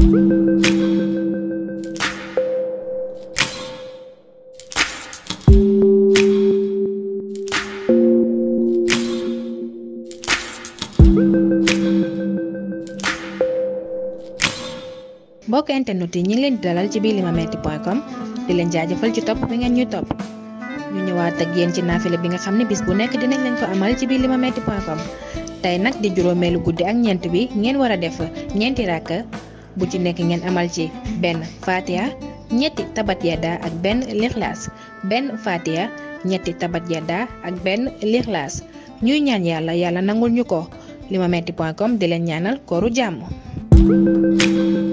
mbokk internet yi ñu ngi leen di dalal ci biir limametti.com di leen jaajëfal ci topp bi ngeen ñuy topp ñu ñëwaat ak yéen ci naafila bis bu nekk dinañ leen amal ci biir meti tey nag di juróomeelu melu ak ñeent bi ngeen war a def bu ci nekk ngeen amal ci benn fatiha ñetti tabat yada ak benn lixlaas benn fatiha ñetti tabat yada ak benn lixlaas ñuy ñaan yàlla yàlla nangul ñu ko limametti point com di leen ñaanal kooru jàmm